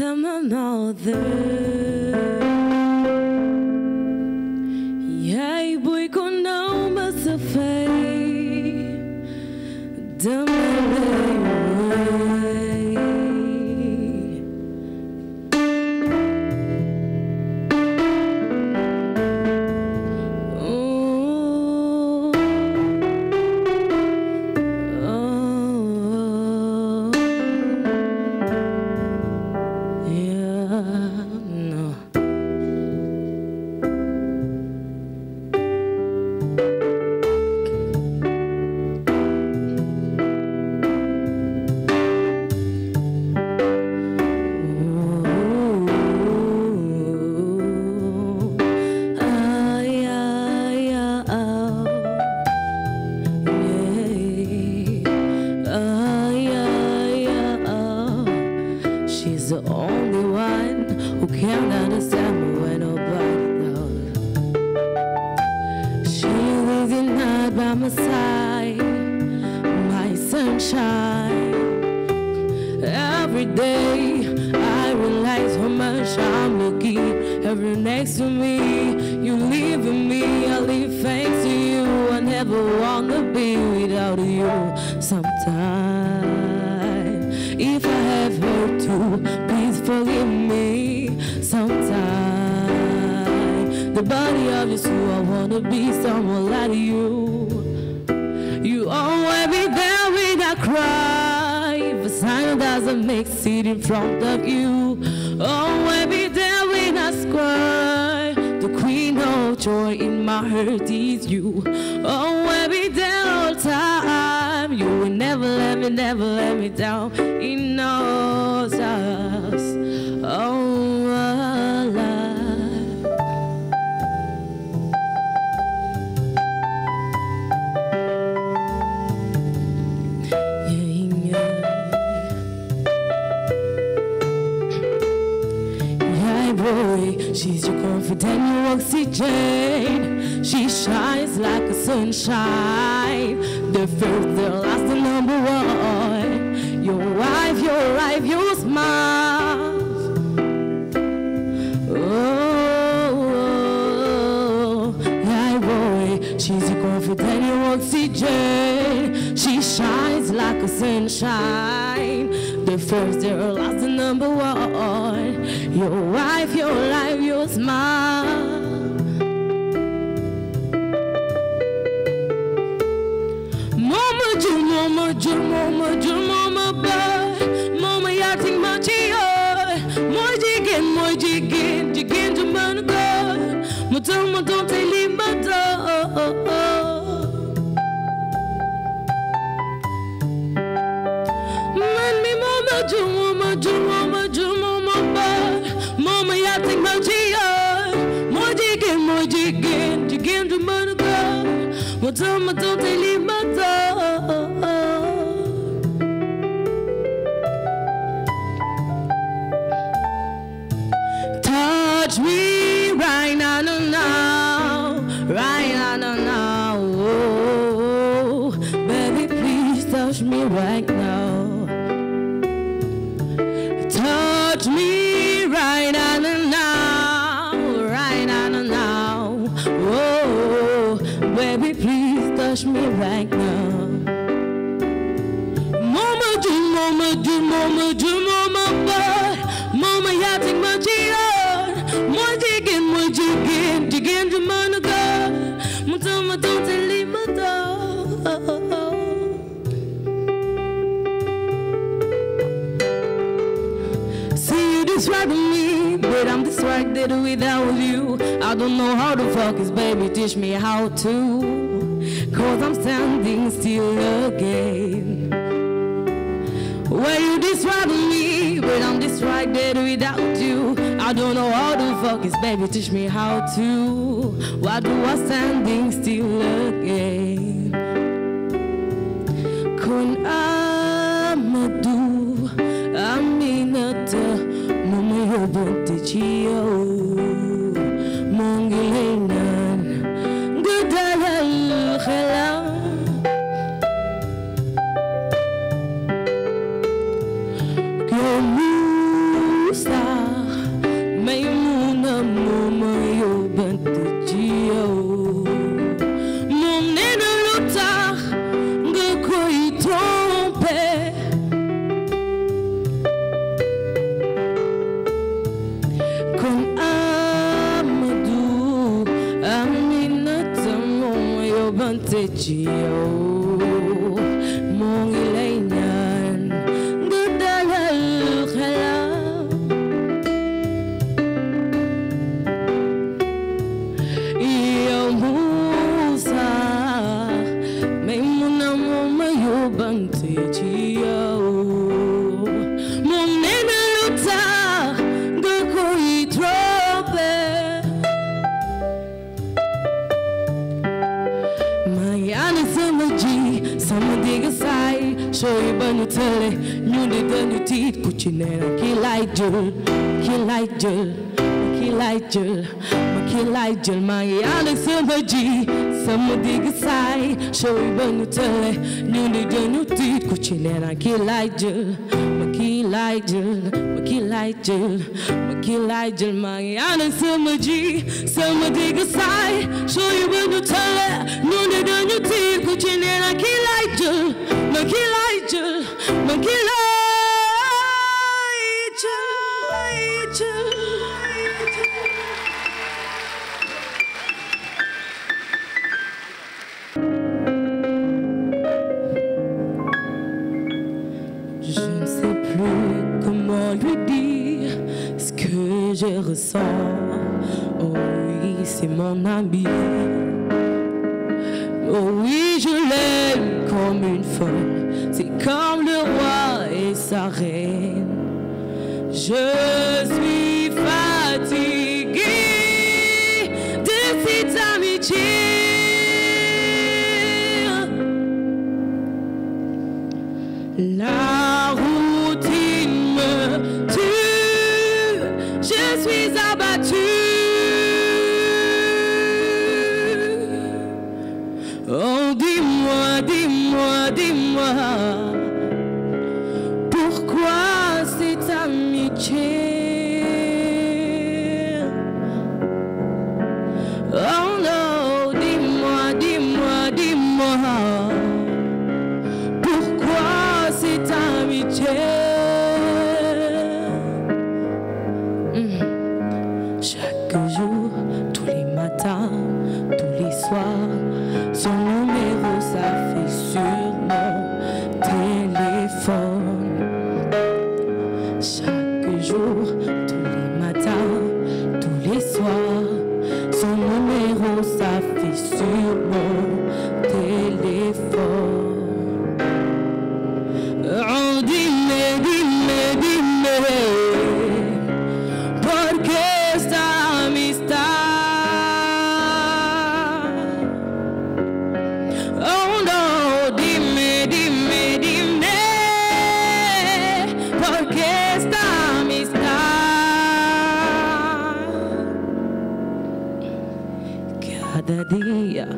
them a mouther. God by my side, my sunshine. Every day I realize how much I'm lucky. Every next to me, you live in me. I live thanks to you. I never wanna be without you. Sometimes, if I have hurt you, please forgive the body of you, so I wanna be someone like you. You always be there with a cry. If a sign doesn't make it in front of you, always be there with a square. The queen of joy in my heart is you. Always be there all time. You will never let me, never let me down. boy. She's your confidant, your oxygen. She shines like a sunshine. The first, the last, the number one. Your wife, your wife, your smile. Oh, high oh, oh. boy. She's your confidant, your oxygen. She shines like a sunshine. the first, the last, the number one. Your wife, your life, your smile. Mama, do mama, do mama, do mama, but mama, you're too much. Moi, jigin, moi, jigin, jigin, do man, go. Mutum, mutum, te limbado. Mıdır mıdır deli mi? touch me right now. Mama do, mama do, mama do, mama bad. Mama yaa teg ma ci yoon. Mooy jigéen, mooy jigéen, jigéen ju mën a góor. Mu tax ma doon te lii ma doon. See you describing me, but I'm distracted without you. I don't know how to focus, baby, teach me how to. Cause I'm standing still again. Well, you describe me, but I'm distracted without you. I don't know how to focus, baby, teach me how to. Why do I standing still again? Kun amadu aminata mumu yobuntichio. ante cio ci leer kii laay jël kii laay jël kii laay jël ma kii laay jël maa ngi ànd ak sama ji sama digg saay show yi ba ñu tële ñu di dañu tiit ku ci leer kii laay jël ma kii laay jël ma kii laay jël ma kii laay jël maa ngi ànd ak sama ji sama digg saay show yi ba ñu tële ñu di dañu tiit ku ci leer kii laay jël ma kii laay jël ma kii laay ressens. Oh oui, c'est mon ami. Oh oui, je l'aime comme une folle. comme le roi et sa suis abattu. الأبدية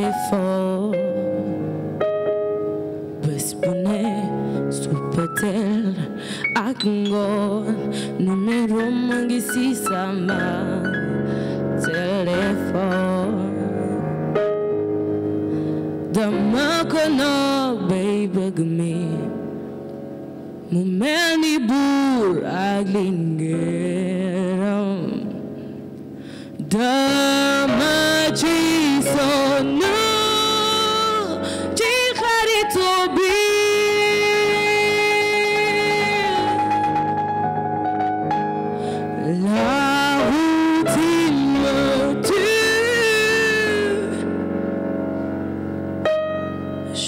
jamais fort bés bu ne ak ngor numéro ma ngi sama téléphone dama ko noog bay bëgg mi mu mel ni buur ak lingeeram